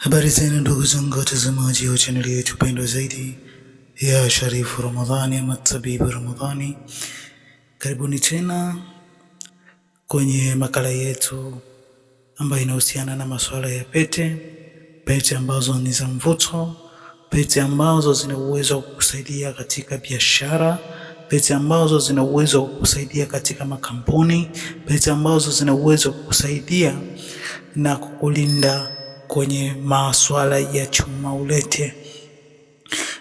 Habari zenu ndugu zangu watazamaji wa chaneli yetu pendwa zaidi ya Sharifu Ramadhani Matabibu Ramadhani, karibuni tena kwenye makala yetu ambayo inahusiana na masuala ya pete, pete ambazo ni za mvuto, pete ambazo zina uwezo wa kukusaidia katika biashara pete ambazo zina uwezo wa kukusaidia katika makampuni, pete ambazo zina uwezo wa kukusaidia na kukulinda kwenye masuala ya chuma ulete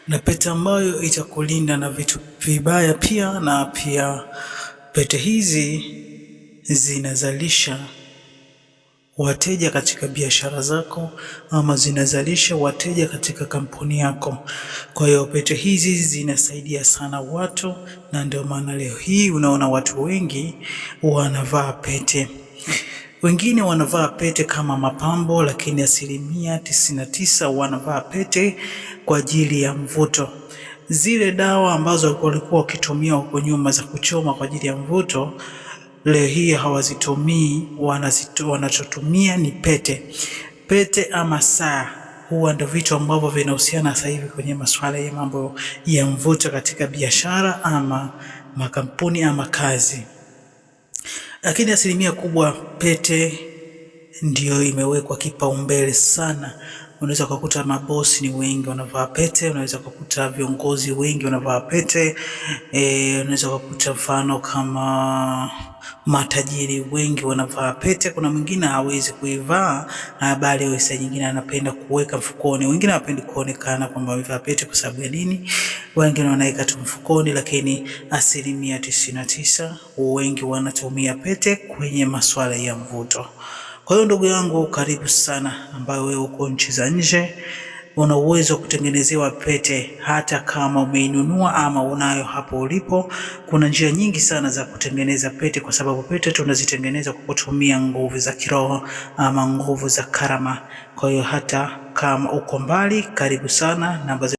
na pete ambayo itakulinda na vitu vibaya pia. Na pia pete hizi zinazalisha wateja katika biashara zako, ama zinazalisha wateja katika kampuni yako. Kwa hiyo pete hizi zinasaidia sana watu, na ndio maana leo hii unaona watu wengi wanavaa pete. Wengine wanavaa pete kama mapambo, lakini asilimia tisini na tisa wanavaa pete kwa ajili ya mvuto. Zile dawa ambazo walikuwa wakitumia huko nyuma za kuchoma kwa ajili ya mvuto, leo hii hawazitumii, wanachotumia ni pete. Pete ama saa huwa ndio vitu ambavyo vinahusiana sasa hivi kwenye masuala ya mambo ya mvuto katika biashara ama makampuni ama kazi. Lakini asilimia kubwa pete ndio imewekwa kipaumbele sana. Unaweza kukuta mabosi ni wengi wanavaa pete, unaweza kukuta viongozi wengi wanavaa pete e, unaweza kukuta mfano kama matajiri wengi wanavaa pete. Kuna mwingine hawezi kuivaa, bali wewe saa nyingine anapenda kuweka mfukoni. Wengine hawapendi kuonekana kwamba wamevaa pete. Kwa sababu ya nini? wengine wanaweka tu mfukoni, lakini asilimia tisini na tisa wengi wanatumia pete kwenye masuala ya mvuto. Kwa hiyo ndugu yangu, karibu sana, ambayo wewe uko nchi za nje una uwezo wa kutengenezewa pete hata kama umeinunua ama unayo hapo ulipo. Kuna njia nyingi sana za kutengeneza pete, kwa sababu pete tunazitengeneza kwa kutumia nguvu za kiroho ama nguvu za karama. Kwa hiyo hata kama uko mbali, karibu sana namba